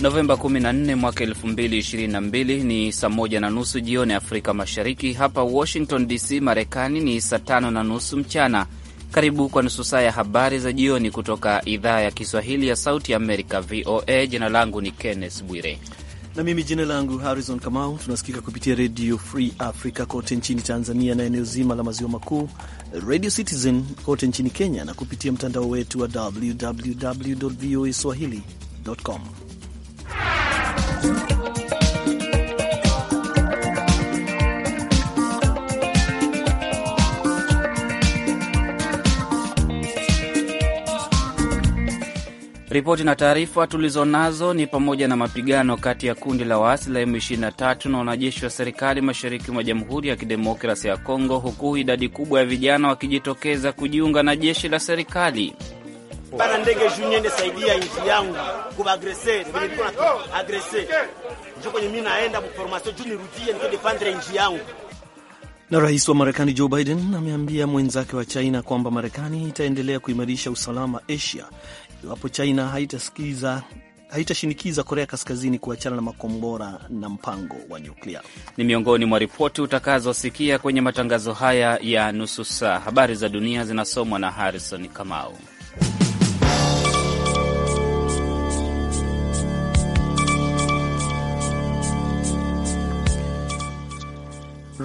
Novemba 14 mwaka 2022 ni saa moja na nusu jioni Afrika Mashariki. Hapa Washington DC, Marekani ni saa tano na nusu mchana. Karibu kwa nusu saa ya habari za jioni kutoka idhaa ya Kiswahili ya Sauti ya Amerika, VOA. Jina langu ni Kenneth Bwire na mimi jina langu Harrison Kamau. Tunasikika kupitia Redio Free Africa kote nchini Tanzania na eneo zima la maziwa makuu, Radio Citizen kote nchini Kenya na kupitia mtandao wetu wa www voa swahili.com. Ripoti na taarifa tulizonazo ni pamoja na mapigano kati ya kundi la waasi la M23 na wanajeshi wa serikali mashariki mwa Jamhuri ya Kidemokrasia ya Kongo, huku idadi kubwa ya vijana wakijitokeza kujiunga na jeshi la serikali pana ndege juu niende saidia nchi yangu kubagrese vile niko na agrese njo kwenye mimi naenda kuformasio juu nirudie niko defendre nchi yangu. Na rais wa Marekani Joe Biden ameambia mwenzake wa China kwamba Marekani itaendelea kuimarisha usalama Asia iwapo China haitasikiza haitashinikiza Korea Kaskazini kuachana na makombora na mpango wa nyuklia. Ni miongoni mwa ripoti utakazosikia kwenye matangazo haya ya nusu saa. Habari za dunia zinasomwa na Harrison Kamau.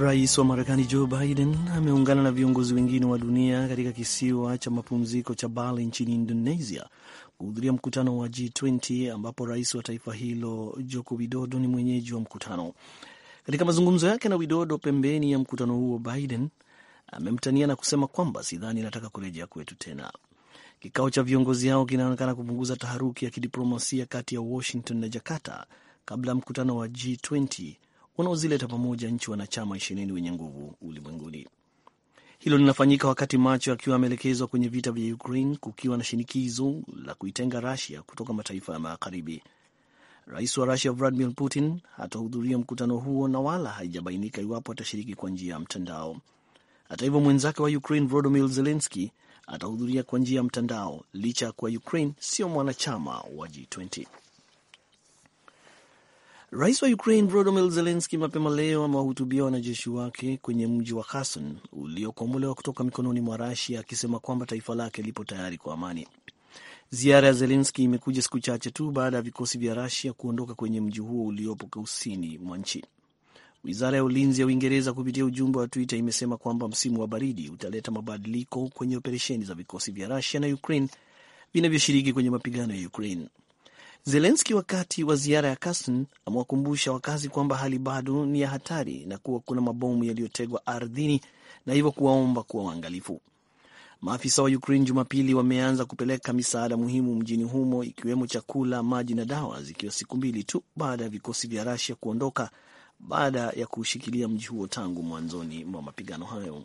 Rais wa Marekani Joe Biden ameungana na viongozi wengine wa dunia katika kisiwa cha mapumziko cha Bali nchini Indonesia kuhudhuria mkutano wa G20 ambapo rais wa taifa hilo Joko Widodo ni mwenyeji wa mkutano. Katika mazungumzo yake na Widodo pembeni ya mkutano huo, Biden amemtania na kusema kwamba sidhani nataka kurejea kwetu tena. Kikao cha viongozi hao kinaonekana kupunguza taharuki ya kidiplomasia kati ya Washington na Jakarta kabla ya mkutano wa G20 wanaozileta pamoja nchi wanachama ishirini wenye nguvu ulimwenguni. Hilo linafanyika wakati macho akiwa ameelekezwa kwenye vita vya Ukraine, kukiwa na shinikizo la kuitenga Rusia kutoka mataifa ya Magharibi. Rais wa Rusia Vladimir Putin hatahudhuria mkutano huo na wala haijabainika iwapo atashiriki kwa njia ya mtandao. Hata hivyo, mwenzake wa Ukraine Volodymyr Zelensky atahudhuria kwa njia ya mtandao licha ya kuwa Ukraine sio mwanachama wa G20. Rais wa Ukraine Volodymyr Zelensky mapema leo amewahutubia wanajeshi wake kwenye mji wa Kherson uliokombolewa kutoka mikononi mwa Russia, akisema kwamba taifa lake lipo tayari kwa amani. Ziara ya Zelensky imekuja siku chache tu baada ya vikosi vya Russia kuondoka kwenye mji huo uliopo kusini mwa nchi. Wizara ya ulinzi ya Uingereza kupitia ujumbe wa Twitter imesema kwamba msimu wa baridi utaleta mabadiliko kwenye operesheni za vikosi vya Russia na Ukraine vinavyoshiriki kwenye mapigano ya Ukraine. Zelenski wakati wa ziara ya Kherson amewakumbusha wakazi kwamba hali bado ni ya hatari na kuwa kuna mabomu yaliyotegwa ardhini na hivyo kuwaomba kuwa waangalifu. Maafisa wa Ukraine Jumapili wameanza kupeleka misaada muhimu mjini humo ikiwemo chakula, maji na dawa, zikiwa siku mbili tu baada ya vikosi vya Rusia kuondoka baada ya kuushikilia mji huo tangu mwanzoni mwa mapigano hayo.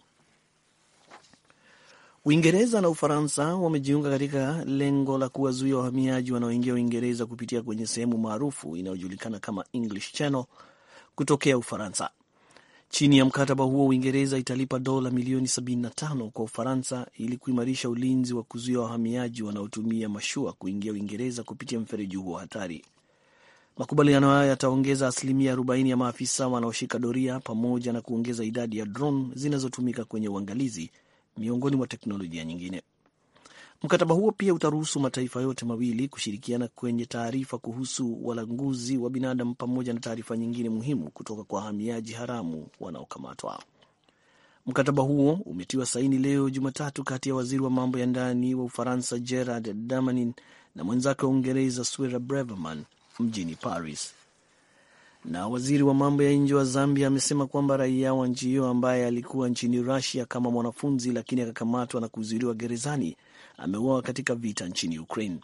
Uingereza na Ufaransa wamejiunga katika lengo la kuwazuia wahamiaji wanaoingia Uingereza kupitia kwenye sehemu maarufu inayojulikana kama English Channel kutokea Ufaransa. Chini ya mkataba huo, Uingereza italipa dola milioni 75 kwa Ufaransa ili kuimarisha ulinzi wa kuzuia wahamiaji wanaotumia mashua kuingia Uingereza kupitia mfereji huo hatari. Makubaliano hayo yataongeza asilimia 40 ya maafisa wanaoshika doria pamoja na kuongeza idadi ya drone zinazotumika kwenye uangalizi miongoni mwa teknolojia nyingine. Mkataba huo pia utaruhusu mataifa yote mawili kushirikiana kwenye taarifa kuhusu walanguzi wa binadamu pamoja na taarifa nyingine muhimu kutoka kwa wahamiaji haramu wanaokamatwa. Mkataba huo umetiwa saini leo Jumatatu kati ya waziri wa mambo ya ndani wa Ufaransa Gerard Damanin na mwenzake wa Uingereza swera Breverman mjini Paris. Na waziri wa mambo ya nje wa Zambia amesema kwamba raia wa nchi hiyo ambaye alikuwa nchini Rusia kama mwanafunzi lakini akakamatwa na kuzuiliwa gerezani ameuawa katika vita nchini Ukraine.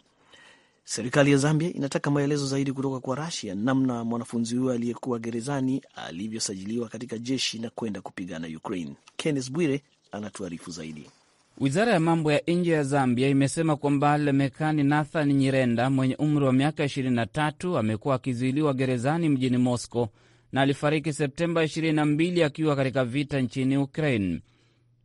Serikali ya Zambia inataka maelezo zaidi kutoka kwa Rusia namna mwanafunzi huyo aliyekuwa gerezani alivyosajiliwa katika jeshi na kwenda kupigana Ukraine. Kenneth Bwire anatuarifu zaidi. Wizara ya mambo ya nje ya Zambia imesema kwamba Lemekani Nathan Nyirenda mwenye umri wa miaka 23 amekuwa akizuiliwa gerezani mjini Moscow na alifariki Septemba 22 akiwa katika vita nchini Ukraine.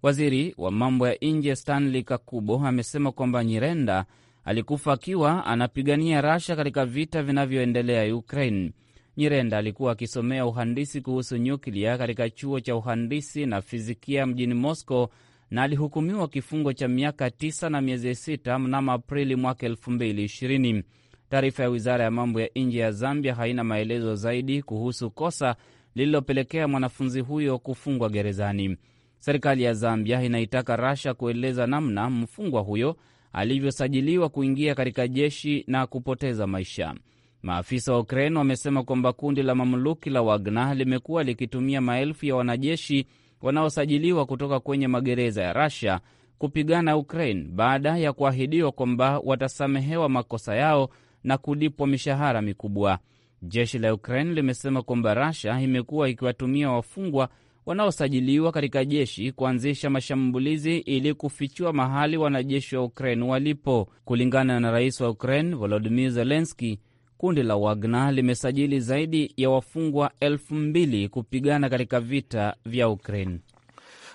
Waziri wa mambo ya nje Stanley Kakubo amesema kwamba Nyirenda alikufa akiwa anapigania Rasha katika vita vinavyoendelea Ukraine. Nyirenda alikuwa akisomea uhandisi kuhusu nyuklia katika chuo cha uhandisi na fizikia mjini Moscow na alihukumiwa kifungo cha miaka tisa na miezi sita mnamo Aprili mwaka elfu mbili ishirini. Taarifa ya wizara ya mambo ya nje ya Zambia haina maelezo zaidi kuhusu kosa lililopelekea mwanafunzi huyo kufungwa gerezani. Serikali ya Zambia inaitaka Rasha kueleza namna mfungwa huyo alivyosajiliwa kuingia katika jeshi na kupoteza maisha. Maafisa wa Ukraine wamesema kwamba kundi la mamluki la Wagner limekuwa likitumia maelfu ya wanajeshi wanaosajiliwa kutoka kwenye magereza ya rasia kupigana Ukraine baada ya kuahidiwa kwamba watasamehewa makosa yao na kulipwa mishahara mikubwa. Jeshi la Ukraine limesema kwamba Russia imekuwa ikiwatumia wafungwa wanaosajiliwa katika jeshi kuanzisha mashambulizi ili kufichua mahali wanajeshi wa Ukraine walipo. Kulingana na rais wa Ukraine Volodimir zelenski kundi la Wagner limesajili zaidi ya wafungwa elfu mbili kupigana katika vita vya Ukraine.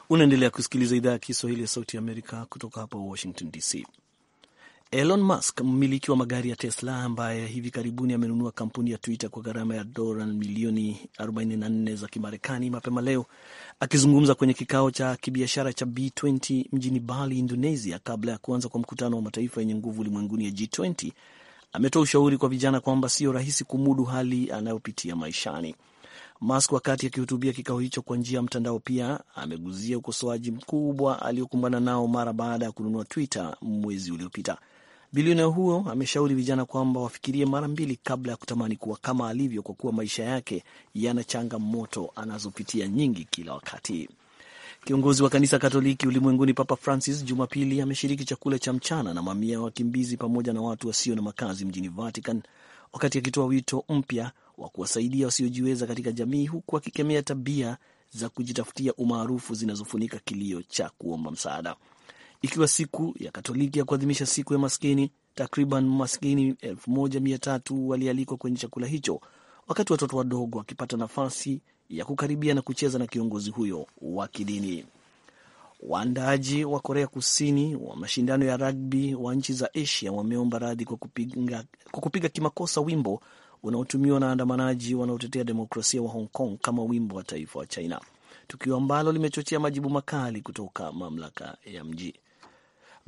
Unaendelea kusikiliza idhaa ya Kiswahili ya Sauti ya Amerika kutoka hapa Washington DC. Elon Musk, mmiliki wa magari ya Tesla ambaye hivi karibuni amenunua kampuni ya Twitter kwa gharama ya dola milioni 44 za Kimarekani, mapema leo akizungumza kwenye kikao cha kibiashara cha B20 mjini Bali, Indonesia, kabla ya kuanza kwa mkutano wa mataifa yenye nguvu ulimwenguni ya G20 ametoa ushauri kwa vijana kwamba sio rahisi kumudu hali anayopitia maishani. Musk wakati akihutubia kikao hicho kwa njia ya mtandao, pia ameguzia ukosoaji mkubwa aliokumbana nao mara baada ya kununua Twitter mwezi uliopita. Bilionea huo ameshauri vijana kwamba wafikirie mara mbili kabla ya kutamani kuwa kama alivyo, kwa kuwa maisha yake yana changamoto anazopitia nyingi kila wakati. Kiongozi wa kanisa Katoliki ulimwenguni Papa Francis Jumapili ameshiriki chakula cha mchana na mamia ya wakimbizi pamoja na watu wasio na makazi mjini Vatican, wakati akitoa wito mpya wa kuwasaidia wasiojiweza katika jamii, huku akikemea tabia za kujitafutia umaarufu zinazofunika kilio cha kuomba msaada. Ikiwa siku ya Katoliki ya kuadhimisha siku ya maskini, takriban maskini tatu walialikwa kwenye chakula hicho, wakati watoto wadogo wakipata nafasi ya kukaribia na kucheza na kiongozi huyo wa kidini. Waandaaji wa Korea Kusini wa mashindano ya ragbi wa nchi za Asia wameomba radhi kwa kupiga, kwa kupiga kimakosa wimbo unaotumiwa na waandamanaji wanaotetea demokrasia wa Hong Kong kama wimbo wa taifa wa China, tukio ambalo limechochea majibu makali kutoka mamlaka ya mji.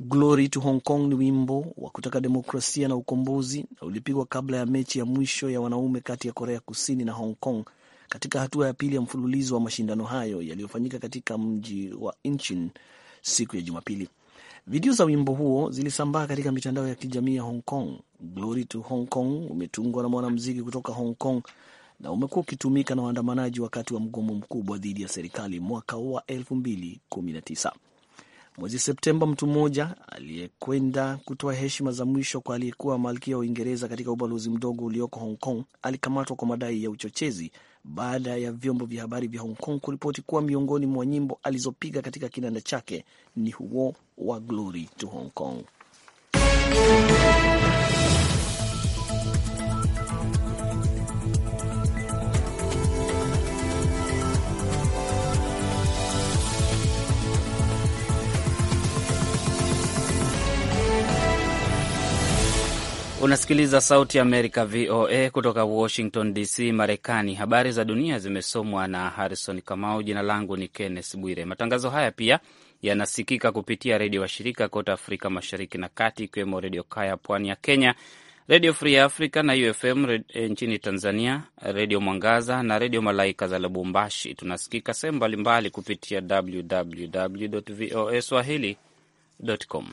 Glory to Hong Kong ni wimbo wa kutaka demokrasia na ukombozi na ulipigwa kabla ya mechi ya mwisho ya wanaume kati ya Korea Kusini na Hong Kong katika hatua ya pili ya mfululizo wa mashindano hayo yaliyofanyika katika mji wa Inchin siku ya Jumapili. Video za wimbo huo zilisambaa katika mitandao ya kijamii ya Hong Kong. Glory to Hong Kong umetungwa na mwanamuziki kutoka Hong Kong na umekuwa ukitumika na waandamanaji wakati wa mgomo mkubwa dhidi ya serikali mwaka wa 2019. Mwezi Septemba, mtu mmoja aliyekwenda kutoa heshima za mwisho kwa aliyekuwa malkia wa Uingereza katika ubalozi mdogo ulioko Hong Kong alikamatwa kwa madai ya uchochezi baada ya vyombo vya habari vya Hong Kong kuripoti kuwa miongoni mwa nyimbo alizopiga katika kinanda chake ni huo wa Glory to Hong Kong. Unasikiliza Sauti ya Amerika, VOA, kutoka Washington DC, Marekani. Habari za dunia zimesomwa na Harrison Kamau. Jina langu ni Kenneth Bwire. Matangazo haya pia yanasikika kupitia redio washirika kote Afrika Mashariki na Kati, ikiwemo Redio Kaya pwani ya Kenya, Redio Free Africa na UFM e, eh, nchini Tanzania, Redio Mwangaza na Redio Malaika za Lubumbashi. Tunasikika sehemu mbalimbali kupitia www voa swahili com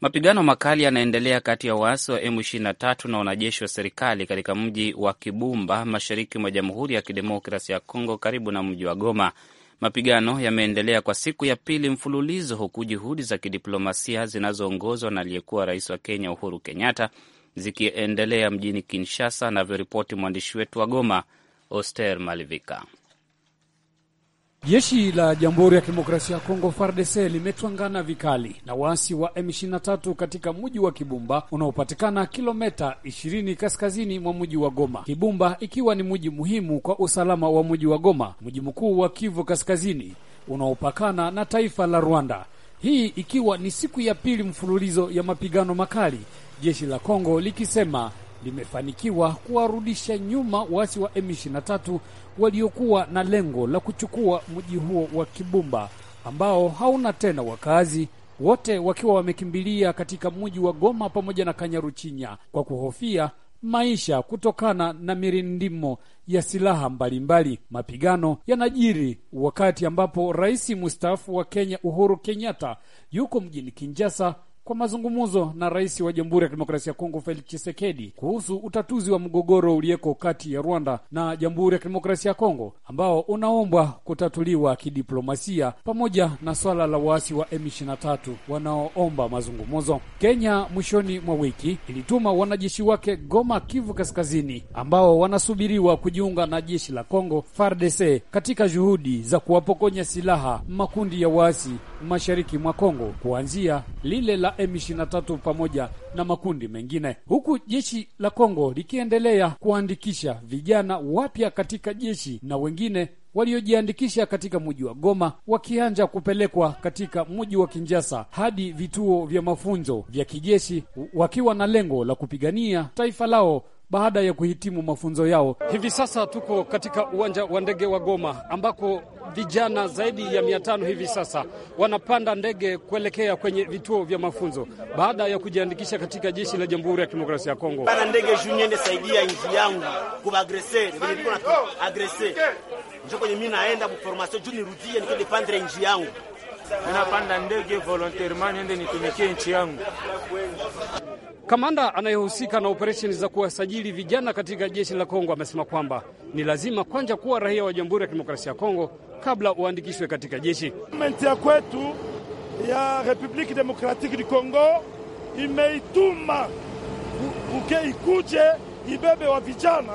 Mapigano makali yanaendelea kati ya waasi wa M23 na wanajeshi wa serikali katika mji wa Kibumba, mashariki mwa Jamhuri ya Kidemokrasi ya Kongo, karibu na mji wa Goma. Mapigano yameendelea kwa siku ya pili mfululizo, huku juhudi za kidiplomasia zinazoongozwa na aliyekuwa rais wa Kenya Uhuru Kenyatta zikiendelea mjini Kinshasa, anavyoripoti mwandishi wetu wa Goma, Oster Malivika. Jeshi la Jamhuri ya Kidemokrasia ya Kongo FARDC limetwangana vikali na waasi wa M23 katika mji wa Kibumba unaopatikana kilomita 20 kaskazini mwa mji wa Goma. Kibumba ikiwa ni mji muhimu kwa usalama wa mji wa Goma, mji mkuu wa Kivu Kaskazini unaopakana na taifa la Rwanda. Hii ikiwa ni siku ya pili mfululizo ya mapigano makali, jeshi la Kongo likisema limefanikiwa kuwarudisha nyuma waasi wa M23 waliokuwa na lengo la kuchukua mji huo wa Kibumba ambao hauna tena wakazi, wote wakiwa wamekimbilia katika mji wa Goma pamoja na Kanyaruchinya kwa kuhofia maisha kutokana na mirindimo ya silaha mbalimbali mbali. Mapigano yanajiri wakati ambapo rais mustaafu wa Kenya Uhuru Kenyatta yuko mjini Kinshasa kwa mazungumzo na rais wa Jamhuri ya Kidemokrasia ya Kongo Felix Tshisekedi kuhusu utatuzi wa mgogoro ulioko kati ya Rwanda na Jamhuri ya Kidemokrasia ya Kongo ambao unaombwa kutatuliwa kidiplomasia, pamoja na swala la waasi wa M23 wanaoomba mazungumzo. Kenya mwishoni mwa wiki ilituma wanajeshi wake Goma, Kivu Kaskazini, ambao wanasubiriwa kujiunga na jeshi la Kongo FARDC katika juhudi za kuwapokonya silaha makundi ya waasi mashariki mwa Kongo, kuanzia lile la M23 pamoja na makundi mengine, huku jeshi la Kongo likiendelea kuandikisha vijana wapya katika jeshi na wengine waliojiandikisha katika mji wa Goma wakianja kupelekwa katika mji wa kinjasa hadi vituo vya mafunzo vya kijeshi wakiwa na lengo la kupigania taifa lao baada ya kuhitimu mafunzo yao. Hivi sasa tuko katika uwanja wa ndege wa Goma ambako vijana zaidi ya mia tano hivi sasa wanapanda ndege kuelekea kwenye vituo vya mafunzo baada ya kujiandikisha katika jeshi la Jamhuri ya Kidemokrasia ya Kongo. Pana ndege juniende saidia nchi yangu kuagrese na agrese njo kwenye mi naenda kuformasio juu nirudie nikodepandre nchi yangu ninapanda ndege volontairement niende nitumikie nchi yangu. Kamanda anayehusika na operesheni za kuwasajili vijana katika jeshi la Kongo amesema kwamba ni lazima kwanza kuwa raia wa Jamhuri ya Kidemokrasia ya Kongo kabla uandikishwe katika jeshi. Gavumenti ya kwetu ya Republiki Demokratiki du Kongo imeituma uke ikuje ibebe wa vijana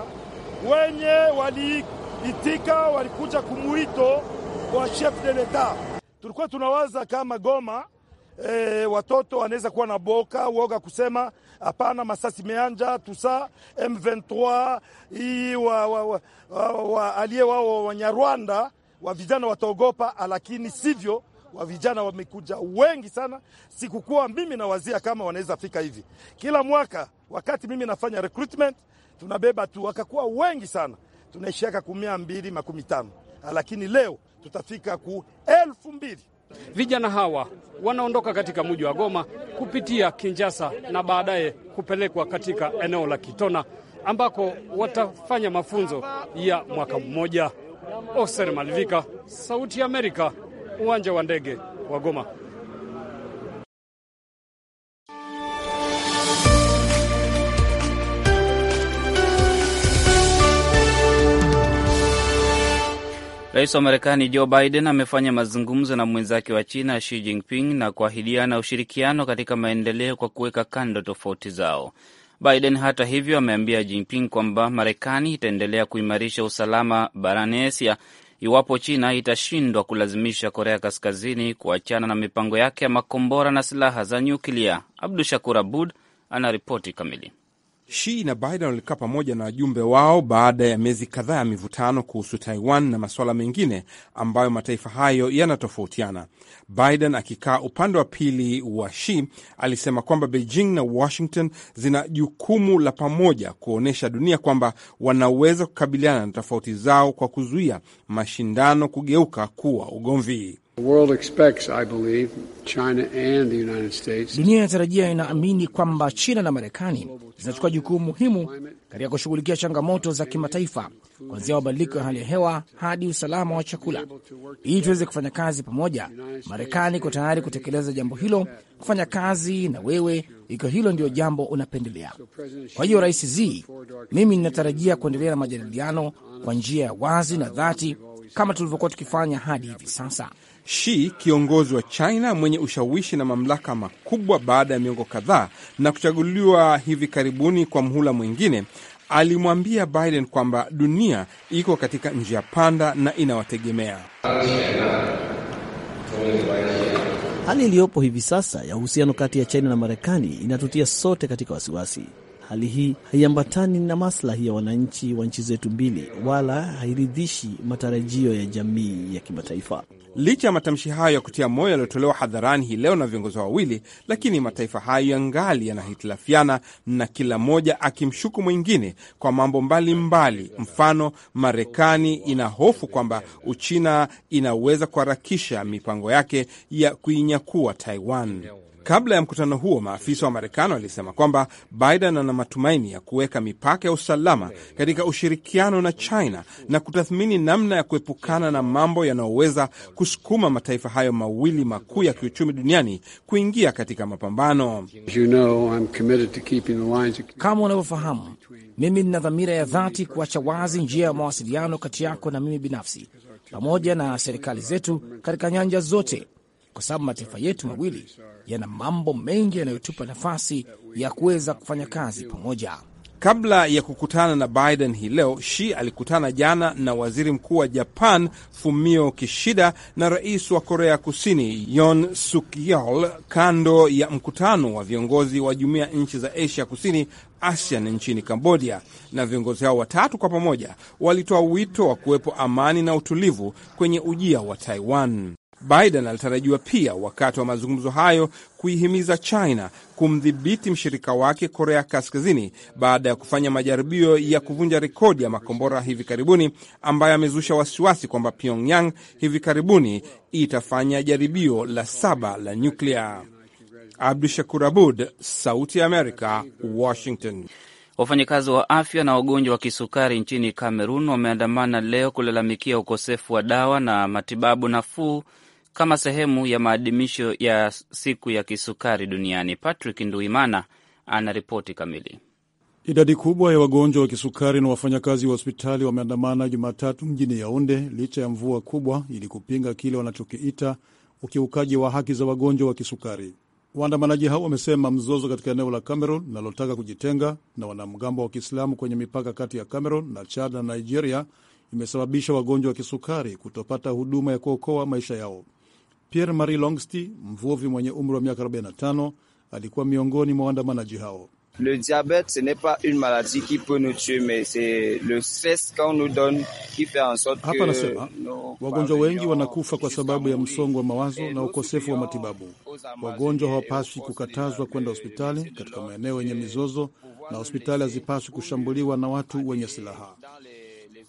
wenye waliitika walikuja kumwito wa chef de leta. Tulikuwa tunawaza kama Goma e, watoto wanaweza kuwa na boka woga kusema hapana, masasi meanja tusa M23 hii wa, wa, wa, wa, wa alie wao Wanyarwanda wa vijana wataogopa, lakini sivyo wa vijana wamekuja wengi sana. Sikukuwa mimi nawazia kama wanaweza fika hivi. Kila mwaka wakati mimi nafanya recruitment, tunabeba tu, wakakuwa wengi sana, tunaishiaka ku mia mbili makumi tano, lakini leo tutafika ku elfu mbili. Vijana hawa wanaondoka katika mji wa Goma kupitia Kinjasa na baadaye kupelekwa katika eneo la Kitona ambako watafanya mafunzo ya mwaka mmoja. Oser Malivika, Sauti ya Amerika, uwanja wa ndege wa Goma. Rais wa Marekani Joe Biden amefanya mazungumzo na mwenzake wa China Xi Jinping na kuahidiana ushirikiano katika maendeleo kwa kuweka kando tofauti zao. Biden hata hivyo ameambia Jinping kwamba Marekani itaendelea kuimarisha usalama barani Asia iwapo China itashindwa kulazimisha Korea Kaskazini kuachana na mipango yake ya makombora na silaha za nyuklia. Abdu Shakur Abud ana ripoti kamili. Xi na Biden walikaa pamoja na wajumbe wao baada ya miezi kadhaa ya mivutano kuhusu Taiwan na masuala mengine ambayo mataifa hayo yanatofautiana. Biden akikaa upande wa pili wa shi alisema kwamba Beijing na Washington zina jukumu la pamoja kuonyesha dunia kwamba wanaweza kukabiliana na tofauti zao kwa kuzuia mashindano kugeuka kuwa ugomvi. Dunia inatarajia, inaamini kwamba China na Marekani zinachukua jukumu muhimu katika kushughulikia changamoto za kimataifa, kuanzia mabadiliko ya hali ya hewa hadi usalama wa chakula. Ili tuweze kufanya kazi pamoja, Marekani iko tayari kutekeleza jambo hilo, kufanya kazi na wewe ikiwa hilo ndio jambo unapendelea. Kwa hiyo, Rais Z, mimi ninatarajia kuendelea na majadiliano kwa njia ya wazi na dhati kama tulivyokuwa tukifanya hadi hivi sasa. Shi kiongozi wa China mwenye ushawishi na mamlaka makubwa baada ya miongo kadhaa na kuchaguliwa hivi karibuni kwa mhula mwingine, alimwambia Biden kwamba dunia iko katika njia panda na inawategemea. Hali iliyopo hivi sasa ya uhusiano kati ya China na Marekani inatutia sote katika wasiwasi. Hali hii haiambatani na maslahi ya wananchi wa nchi zetu mbili, wala hairidhishi matarajio ya jamii ya kimataifa. Licha ya matamshi hayo ya kutia moyo yaliyotolewa hadharani hii leo na viongozi wawili, lakini mataifa hayo yangali yanahitilafiana na kila moja akimshuku mwingine kwa mambo mbalimbali mbali. Mfano, Marekani ina hofu kwamba Uchina inaweza kuharakisha mipango yake ya kuinyakua Taiwan. Kabla ya mkutano huo, maafisa wa Marekani walisema kwamba Biden ana matumaini ya kuweka mipaka ya usalama katika ushirikiano na China na kutathmini namna ya kuepukana na mambo yanayoweza kusukuma mataifa hayo mawili makuu ya kiuchumi duniani kuingia katika mapambano. You know, kama unavyofahamu, mimi nina dhamira ya dhati kuacha wazi njia ya mawasiliano kati yako na mimi binafsi pamoja na serikali zetu katika nyanja zote, kwa sababu mataifa yetu mawili yana mambo mengi yanayotupa nafasi ya kuweza kufanya kazi pamoja. Kabla ya kukutana na Biden hii leo, Shi alikutana jana na waziri mkuu wa Japan Fumio Kishida na rais wa Korea Kusini yon Sukyol kando ya mkutano wa viongozi wa jumuiya nchi za Asia Kusini ASEAN nchini Kambodia. Na viongozi hao watatu kwa pamoja walitoa wito wa kuwepo amani na utulivu kwenye ujia wa Taiwan. Biden alitarajiwa pia wakati wa mazungumzo hayo kuihimiza China kumdhibiti mshirika wake Korea Kaskazini baada ya kufanya majaribio ya kuvunja rekodi ya makombora hivi karibuni, ambayo amezusha wasiwasi kwamba Pyongyang hivi karibuni itafanya jaribio la saba la nyuklia. Abdu Shakur Abud, Sauti ya Amerika, Washington. Wafanyakazi wa afya na wagonjwa wa kisukari nchini Kamerun wameandamana leo kulalamikia ukosefu wa dawa na matibabu nafuu kama sehemu ya maadhimisho ya siku ya kisukari duniani. Patrick Nduimana ana ripoti kamili. Idadi kubwa ya wagonjwa wa kisukari na wafanyakazi wa hospitali wameandamana Jumatatu mjini Yaunde licha ya mvua kubwa, ili kupinga kile wanachokiita ukiukaji wa haki za wagonjwa wa kisukari. Waandamanaji hao wamesema mzozo katika eneo la Cameron linalotaka kujitenga na wanamgambo wa Kiislamu kwenye mipaka kati ya Cameron na Chad na Nigeria imesababisha wagonjwa wa kisukari kutopata huduma ya kuokoa maisha yao. Pierre Marie longsty mvuvi mwenye umri wa miaka 45, alikuwa miongoni mwa waandamanaji hao. Le diabete, ce n'est pas une maladie qui peut nous tuer, mais c'est le stress qu'on nous donne qui fait en sorte hapa anasema wagonjwa wengi wanakufa kwa sababu ya msongo wa mawazo na ukosefu wa matibabu. Wagonjwa hawapaswi kukatazwa kwenda hospitali katika maeneo yenye mizozo, na hospitali hazipaswi kushambuliwa na watu wenye silaha.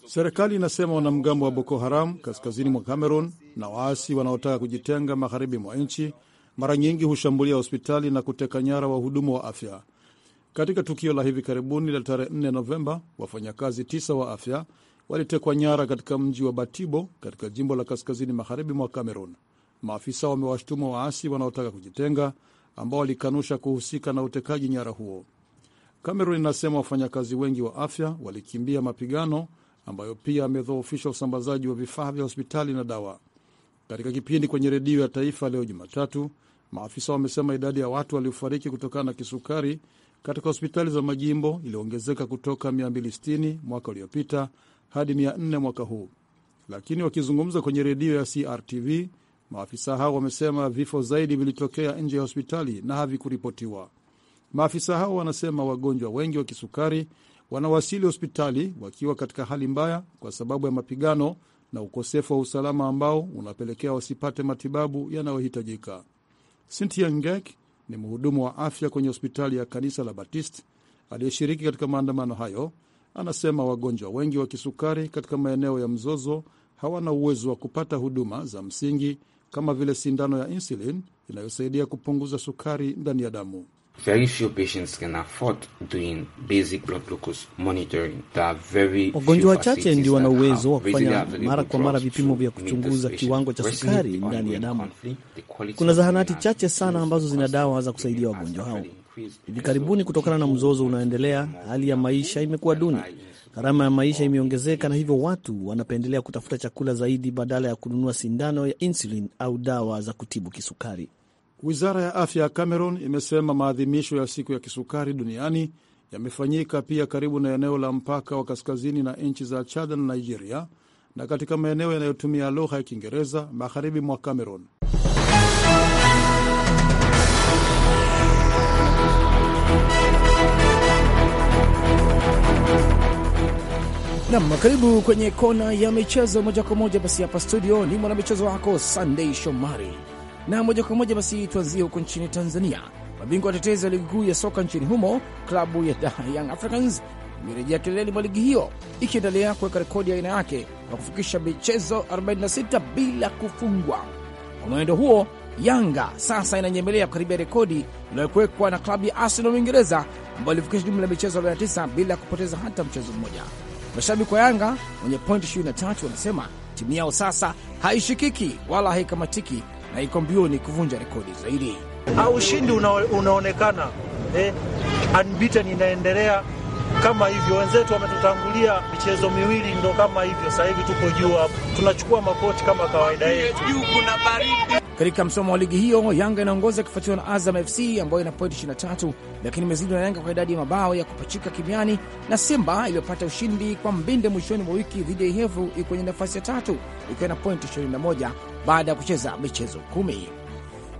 Serikali inasema wanamgambo wa Boko Haram kaskazini mwa Cameroon na waasi wanaotaka kujitenga magharibi mwa nchi mara nyingi hushambulia hospitali na kuteka nyara wahudumu wa afya. Katika tukio la hivi karibuni la tarehe 4 Novemba, wafanyakazi tisa wa afya walitekwa nyara katika mji wa Batibo katika jimbo la kaskazini magharibi mwa Cameroon. Maafisa wamewashtuma waasi wanaotaka kujitenga ambao walikanusha kuhusika na utekaji nyara huo. Cameroon inasema wafanyakazi wengi wa afya walikimbia mapigano ambayo pia amedhoofisha usambazaji wa vifaa vya hospitali na dawa. Katika kipindi kwenye redio ya taifa leo Jumatatu, maafisa wamesema idadi ya watu waliofariki kutokana na kisukari katika hospitali za majimbo iliongezeka kutoka 260 mwaka uliopita hadi 400 mwaka huu. Lakini wakizungumza kwenye redio ya CRTV, maafisa hao wamesema vifo zaidi vilitokea nje ya hospitali na havikuripotiwa. Maafisa hao wanasema wagonjwa wengi wa kisukari wanawasili hospitali wakiwa katika hali mbaya kwa sababu ya mapigano na ukosefu wa usalama ambao unapelekea wasipate matibabu yanayohitajika. Cynthia Ngek ni mhudumu wa afya kwenye hospitali ya kanisa la batist aliyeshiriki katika maandamano hayo. Anasema wagonjwa wengi wa kisukari katika maeneo ya mzozo hawana uwezo wa kupata huduma za msingi kama vile sindano ya insulin inayosaidia kupunguza sukari ndani ya damu. Very few patients can afford doing basic blood glucose monitoring. There are very wagonjwa wachache ndio wana uwezo wa kufanya mara kwa mara vipimo vya kuchunguza kiwango cha sukari ndani ya damu. Kuna zahanati chache sana ambazo zina dawa za kusaidia wagonjwa hao. Hivi karibuni, kutokana na mzozo unaoendelea, hali ya maisha imekuwa duni, gharama ya maisha imeongezeka, na hivyo watu wanapendelea kutafuta chakula zaidi badala ya kununua sindano ya insulin au dawa za kutibu kisukari. Wizara ya afya ya Cameroon imesema maadhimisho ya siku ya kisukari duniani yamefanyika pia karibu na eneo la mpaka wa kaskazini na nchi za Chad na Nigeria na katika maeneo yanayotumia lugha ya Kiingereza magharibi mwa Cameroon. Nam, karibu kwenye kona ya michezo moja kwa moja. Basi hapa studio ni mwanamichezo wako Sunday Shomari na moja kwa moja basi tuanzie huko nchini Tanzania. Mabingwa watetezi wa ligi kuu ya soka nchini humo, klabu ya Young Africans imerejea kileleni mwa ligi hiyo ikiendelea kuweka rekodi ya aina yake kwa kufikisha michezo 46 bila kufungwa. Kwa mwenendo huo, Yanga sasa inanyemelea kukaribia rekodi inayokuwekwa na klabu ya Arsenal Uingereza, ambayo ilifikisha jumla ya michezo 49 bila kupoteza hata mchezo mmoja. Mashabiki wa Yanga wenye pointi 23 wanasema timu yao sasa haishikiki wala haikamatiki na iko mbioni kuvunja rekodi zaidi. Ushindi una, unaonekana eh, unbeaten inaendelea kama hivyo. Wenzetu wametutangulia michezo miwili, ndo kama hivyo. Sasa hivi tuko juu hapo, tunachukua makoti kama kawaida yetu. Juu kuna baridi katika msomo wa ligi hiyo, Yanga inaongoza ikifuatiwa na Azam FC ambayo ina pointi 23, lakini imezidi na Yanga kwa idadi ya mabao ya kupachika kimiani, na Simba iliyopata ushindi kwa mbinde mwishoni mwa wiki dhidi ya Ihevu iko kwenye nafasi ya tatu ikiwa na pointi 21 baada ya kucheza michezo kumi.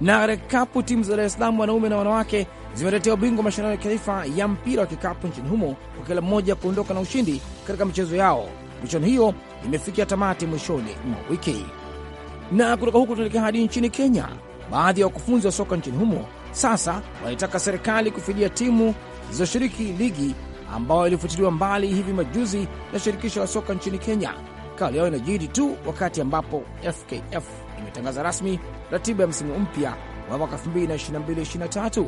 Na katika kikapu, timu za Dar es Salaam wanaume na wanawake zimetetea ubingwa mashindano ya kitaifa ya mpira wa kikapu nchini humo kwa kila mmoja kuondoka na ushindi katika michezo yao. Michuano hiyo imefikia tamati mwishoni mwa wiki. Na kutoka huko tuelekea hadi nchini Kenya. Baadhi ya wakufunzi wa soka nchini humo sasa wanaitaka serikali kufidia timu zilizoshiriki ligi ambayo ilifutiliwa mbali hivi majuzi na shirikisho la soka nchini Kenya. Kauli yao inajiri tu wakati ambapo FKF imetangaza rasmi ratiba ya msimu mpya wa mwaka 2022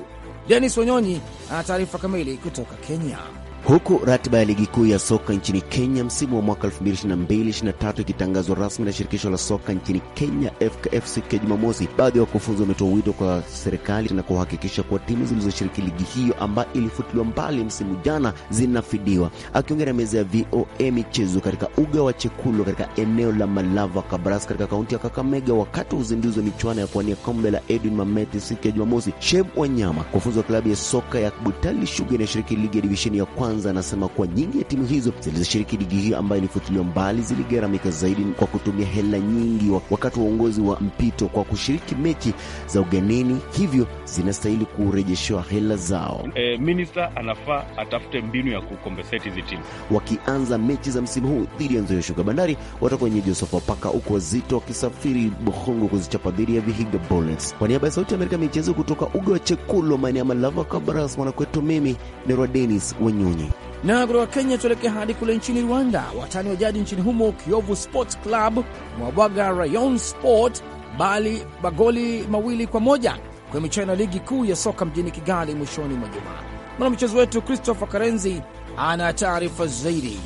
Denis Wanyonyi ana taarifa kamili kutoka Kenya. Huku ratiba ya ligi kuu ya soka nchini Kenya msimu wa mwaka 2022 ikitangazwa rasmi na shirikisho la soka nchini Kenya FKF siku ya Jumamosi, baadhi ya wakufunzi wametoa wito kwa serikali na kuhakikisha kuwa timu zilizoshiriki ligi hiyo ambayo ilifutiliwa mbali msimu jana zinafidiwa. Akiongea na meza ya VOA michezo katika uga wa Chekulo katika eneo la Malava Kabras katika kaunti ya Kakamega wakati wa uzinduzi wa michuano ya kuwania kombe la Edwin Mameti siku ya Jumamosi, Shem Wanyama, kufunzi wa klabu ya soka ya Butali Shuga inayoshiriki ligi ya divisheni ya kwanza kwanza anasema kuwa nyingi ya timu hizo zilizoshiriki ligi hiyo ambayo ilifutiliwa mbali ziligharamika zaidi kwa kutumia hela nyingi wakati wa uongozi wa mpito kwa kushiriki mechi za ugenini, hivyo zinastahili kurejeshewa hela zao. E, minista anafaa atafute mbinu ya kukompenseti hizi timu. Wakianza mechi za msimu huu dhidi ya Nzoia Shuga, Bandari watakuwa wenyeji Sofapaka, huku Wazito wakisafiri Bohongo kuzichapa dhidi ya Vihiga Bullets. Kwa niaba ya Sauti ya Amerika michezo kutoka uga wa Chekulo, maeneo ya Malava, mwanakwetu, mimi ni Rwa Denis Wenyonyi. Na kutoka Kenya tuelekea hadi kule nchini Rwanda. Watani wa jadi nchini humo, Kiovu Sports Club mwabwaga Rayon Sport bali magoli mawili kwa moja kwenye michuano ya ligi kuu ya soka mjini Kigali mwishoni mwa mwana mchezo wetu Christopher Karenzi ana taarifa zaidi.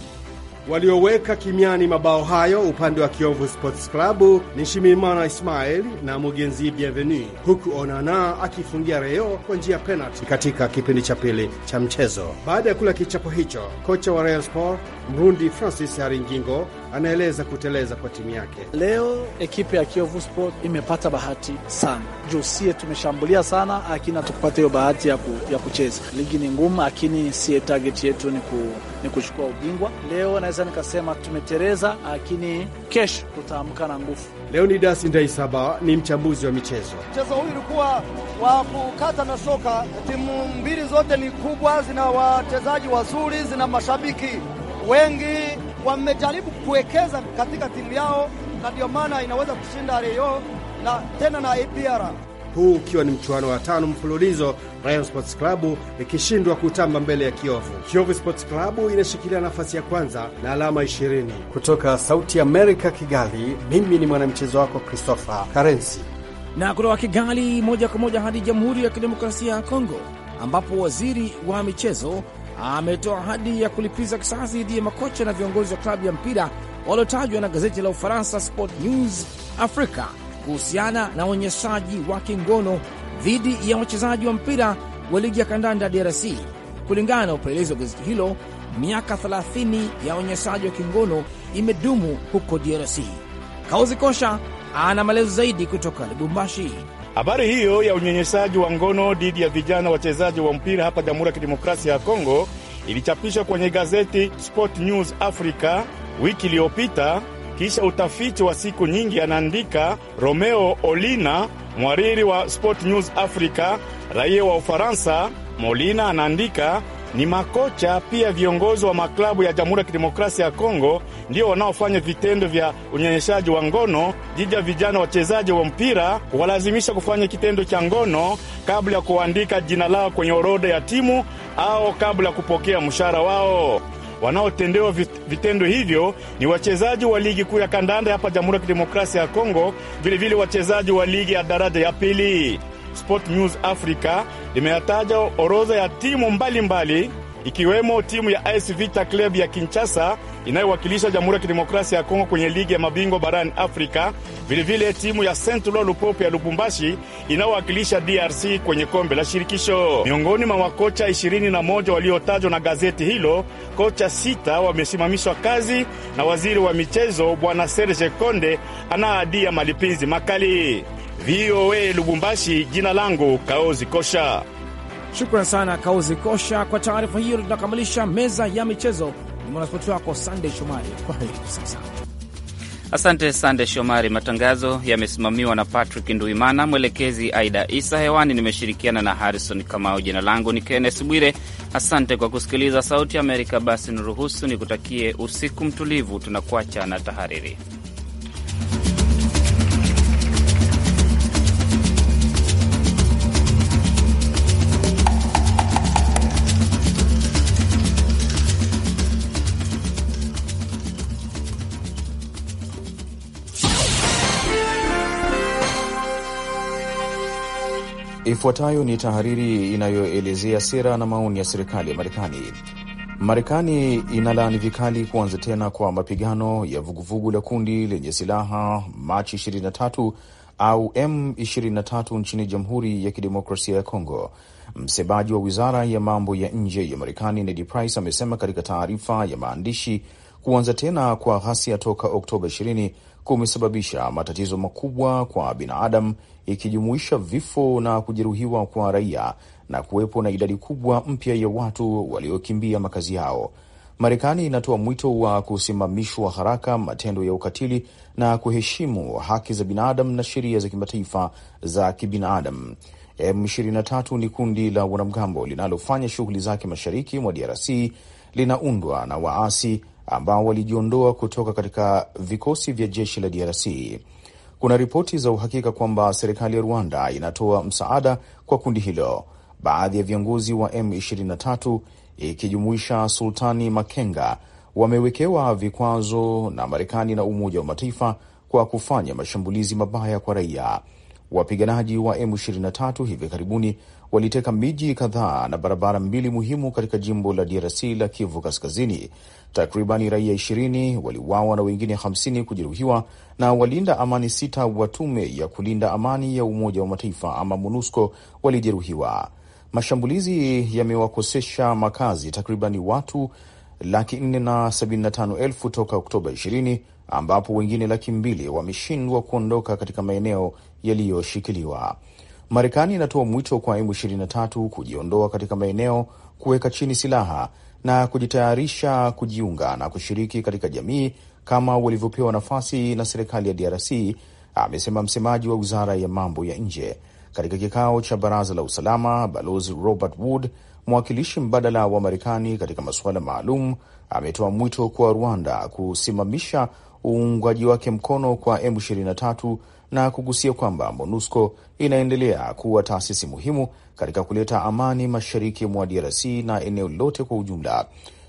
Walioweka kimiani mabao hayo upande wa kiovu Sports Club ni Shimimana Ismail na Mugenzi Bienvenu, huku Onana akifungia reo kwa njia penalti katika kipindi cha pili cha mchezo. Baada ya kula kichapo hicho, kocha wa Real Sport Mrundi Francis Haringingo anaeleza kuteleza kwa timu yake. Leo ekipe ya Kiovu Sport imepata bahati sana juu sie tumeshambulia sana, lakini hatukupata hiyo bahati ya, ku, ya kucheza. Ligi ni ngumu, lakini sie target yetu ni, ku, ni kuchukua ubingwa. Leo naweza nikasema tumetereza, lakini kesho tutaamka na nguvu. Leonidas Ndaisaba ni mchambuzi wa michezo. Mchezo huu ulikuwa wa kukata na shoka. Timu mbili zote ni kubwa, zina wachezaji wazuri, zina mashabiki wengi wamejaribu kuwekeza katika timu yao, na ndiyo maana inaweza kushinda leo na tena na APR, huu ukiwa ni mchuano wa tano mfululizo Rayon Sports Klabu ikishindwa kutamba mbele ya kiovu. Kiovu Sports Klabu inashikilia nafasi ya kwanza na alama 20. Kutoka Sauti Amerika, Kigali, mimi ni mwanamchezo wako Christopher Karensi, na kutoka Kigali moja kwa moja hadi Jamhuri ya Kidemokrasia ya Kongo ambapo waziri wa michezo ametoa ahadi ya kulipiza kisasi dhidi ya makocha na viongozi wa klabu ya mpira waliotajwa na gazeti la Ufaransa Sport News Africa kuhusiana na uonyeshaji wa kingono dhidi ya wachezaji wa mpira wa ligi ya kandanda DRC. Kulingana na upelelezi wa gazeti hilo, miaka 30 ya uonyeshaji wa kingono imedumu huko DRC. Kauzi Kosha ana maelezo zaidi kutoka Lubumbashi. Habari hiyo ya unyenyesaji wa ngono dhidi ya vijana wachezaji wa mpira hapa Jamhuri ya Kidemokrasia ya Kongo ilichapishwa kwenye gazeti Sport News Africa wiki iliyopita, kisha utafiti wa siku nyingi, anaandika Romeo Olina, mwariri wa Sport News Africa, raia wa Ufaransa. Molina anaandika ni makocha pia viongozi wa maklabu ya Jamhuri ya Kidemokrasia ya Kongo ndio wanaofanya vitendo vya unyenyeshaji wa ngono dhidi ya vijana wachezaji wa mpira, kuwalazimisha kufanya kitendo cha ngono kabla ya kuandika jina lao kwenye orodha ya timu au kabla ya kupokea mshahara wao. Wanaotendewa vitendo hivyo ni wachezaji wa ligi kuu ya kandanda hapa Jamhuri ya Kidemokrasia ya Kongo, vilevile wachezaji wa ligi ya daraja ya pili. Sport News Africa limeyataja orodha ya timu mbalimbali mbali, ikiwemo timu ya AS Vita Club ya Kinshasa inayowakilisha Jamhuri ya Kidemokrasia ya Kongo kwenye ligi ya mabingwa barani Afrika, vilevile timu ya Saint Eloi Lupopo ya Lubumbashi inayowakilisha DRC kwenye kombe la shirikisho. Miongoni mwa makocha 21 waliotajwa na gazeti hilo, kocha sita wamesimamishwa kazi na waziri wa michezo Bwana Serge Konde anaadia malipizi makali. VOA Lubumbashi. Jina langu Kaozi Kosha. Shukran sana Kaozi Kosha kwa taarifa hiyo. Tunakamilisha meza ya michezo. Ni mwanaspoti wako Sandey Shomari. Kwa heri sasa. Asante Sande Shomari. Matangazo yamesimamiwa na Patrick Nduimana, mwelekezi Aida Isa. Hewani nimeshirikiana na Harrison Kamau. Jina langu ni Kennes Bwire. Asante kwa kusikiliza Sauti ya Amerika. Basi niruhusu nikutakie usiku mtulivu. Tunakuacha na tahariri. Ifuatayo ni tahariri inayoelezea sera na maoni ya serikali ya Marekani. Marekani inalaani vikali kuanza tena kwa mapigano ya vuguvugu la kundi lenye silaha Machi 23 au M23 nchini Jamhuri ya Kidemokrasia ya Kongo. Msemaji wa wizara ya mambo ya nje ya Marekani Ned Price amesema katika taarifa ya maandishi kuanza tena kwa ghasia toka Oktoba kumesababisha matatizo makubwa kwa binadamu ikijumuisha vifo na kujeruhiwa kwa raia na kuwepo na idadi kubwa mpya ya watu waliokimbia makazi yao. Marekani inatoa mwito wa kusimamishwa haraka matendo ya ukatili na kuheshimu haki za binadamu na sheria za kimataifa za kibinadamu. M23 ni kundi la wanamgambo linalofanya shughuli zake mashariki mwa DRC, linaundwa na waasi ambao walijiondoa kutoka katika vikosi vya jeshi la DRC. Kuna ripoti za uhakika kwamba serikali ya Rwanda inatoa msaada kwa kundi hilo. Baadhi ya viongozi wa M23 ikijumuisha Sultani Makenga wamewekewa vikwazo na Marekani na Umoja wa Mataifa kwa kufanya mashambulizi mabaya kwa raia. Wapiganaji wa M23 hivi karibuni waliteka miji kadhaa na barabara mbili muhimu katika jimbo la DRC la Kivu Kaskazini. Takribani raia ishirini waliuawa na wengine hamsini kujeruhiwa na walinda amani sita wa tume ya kulinda amani ya Umoja wa Mataifa ama MONUSCO walijeruhiwa. Mashambulizi yamewakosesha makazi takribani watu laki nne na sabini na tano elfu toka Oktoba 20 ambapo wengine laki mbili wameshindwa kuondoka katika maeneo yaliyoshikiliwa. Marekani inatoa mwito kwa M23 kujiondoa katika maeneo, kuweka chini silaha na kujitayarisha kujiunga na kushiriki katika jamii kama walivyopewa nafasi na serikali ya DRC, amesema msemaji wa wizara ya mambo ya nje katika kikao cha baraza la usalama. Balozi Robert Wood, mwakilishi mbadala wa Marekani katika masuala maalum, ametoa mwito kwa Rwanda kusimamisha uungwaji wake mkono kwa M23 na kugusia kwamba MONUSCO inaendelea kuwa taasisi muhimu katika kuleta amani mashariki mwa DRC na eneo lote kwa ujumla.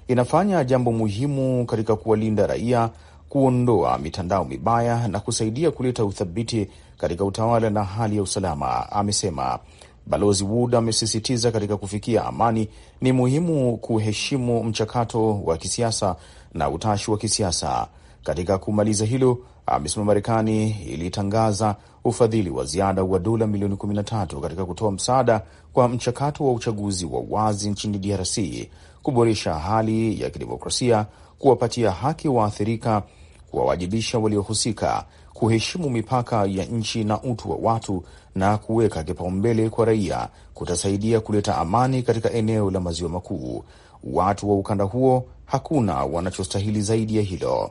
Inafanya jambo muhimu katika kuwalinda raia, kuondoa mitandao mibaya na kusaidia kuleta uthabiti katika utawala na hali ya usalama, amesema. Balozi Wood amesisitiza katika kufikia amani ni muhimu kuheshimu mchakato wa kisiasa na utashi wa kisiasa. Katika kumaliza hilo, amesema Marekani ilitangaza ufadhili wa ziada wa dola milioni 13 katika kutoa msaada kwa mchakato wa uchaguzi wa wazi nchini DRC, kuboresha hali ya kidemokrasia, kuwapatia haki waathirika, kuwawajibisha waliohusika, kuheshimu mipaka ya nchi na utu wa watu na kuweka kipaumbele kwa raia kutasaidia kuleta amani katika eneo la maziwa makuu. Watu wa ukanda huo hakuna wanachostahili zaidi ya hilo.